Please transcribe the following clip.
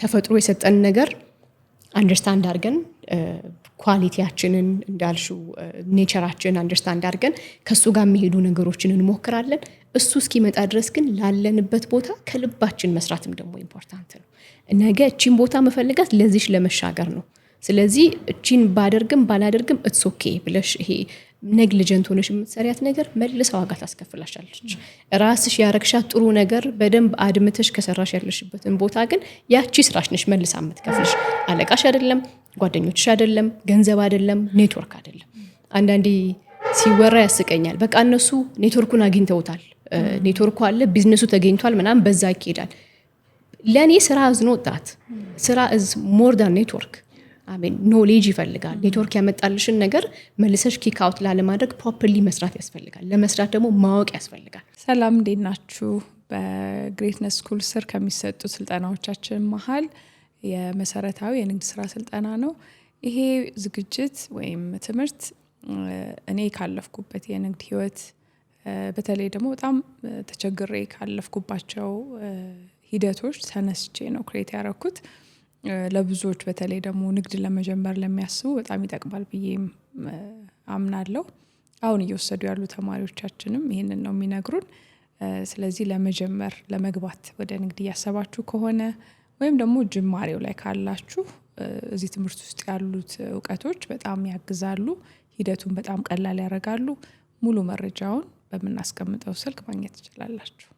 ተፈጥሮ የሰጠን ነገር አንደርስታንድ አድርገን ኳሊቲያችንን እንዳልሹ ኔቸራችን አንደርስታንድ አድርገን ከእሱ ጋር የሚሄዱ ነገሮችን እንሞክራለን። እሱ እስኪመጣ ድረስ ግን ላለንበት ቦታ ከልባችን መስራትም ደግሞ ኢምፖርታንት ነው። ነገ እቺን ቦታ መፈልጋት ለዚች ለመሻገር ነው። ስለዚህ እቺን ባደርግም ባላደርግም እትስ ኦኬ ብለሽ ይሄ ነግሊጀንት ሆነሽ የምትሰሪያት ነገር መልሳ ዋጋ ታስከፍላሻለች። ራስሽ ያረግሻት ጥሩ ነገር በደንብ አድምተሽ ከሰራሽ ያለሽበትን ቦታ ግን ያቺ ስራሽ ነሽ መልሳ የምትከፍልሽ። አለቃሽ አይደለም፣ ጓደኞችሽ አይደለም፣ ገንዘብ አይደለም፣ ኔትወርክ አይደለም። አንዳንዴ ሲወራ ያስቀኛል። በቃ እነሱ ኔትወርኩን አግኝተውታል፣ ኔትወርኩ አለ፣ ቢዝነሱ ተገኝቷል፣ ምናምን በዛ ይሄዳል ለእኔ ስራ እዝ ነው ወጣት ስራ እዝ ሞር ዳን ኔትወርክ ኖሌጅ ይፈልጋል። ኔትወርክ ያመጣልሽን ነገር መልሰሽ ኪክአውት ላለማድረግ ፕሮፐርሊ መስራት ያስፈልጋል። ለመስራት ደግሞ ማወቅ ያስፈልጋል። ሰላም፣ እንዴት ናችሁ? በግሬትነስ ስኩል ስር ከሚሰጡ ስልጠናዎቻችን መሀል የመሰረታዊ የንግድ ስራ ስልጠና ነው። ይሄ ዝግጅት ወይም ትምህርት እኔ ካለፍኩበት የንግድ ህይወት በተለይ ደግሞ በጣም ተቸግሬ ካለፍኩባቸው ሂደቶች ተነስቼ ነው ክሬት ያረኩት። ለብዙዎች በተለይ ደግሞ ንግድ ለመጀመር ለሚያስቡ በጣም ይጠቅማል ብዬም አምናለሁ። አሁን እየወሰዱ ያሉ ተማሪዎቻችንም ይህንን ነው የሚነግሩን። ስለዚህ ለመጀመር ለመግባት ወደ ንግድ እያሰባችሁ ከሆነ ወይም ደግሞ ጅማሬው ላይ ካላችሁ እዚህ ትምህርት ውስጥ ያሉት እውቀቶች በጣም ያግዛሉ ሂደቱን በጣም ቀላል ያደርጋሉ። ሙሉ መረጃውን በምናስቀምጠው ስልክ ማግኘት ትችላላችሁ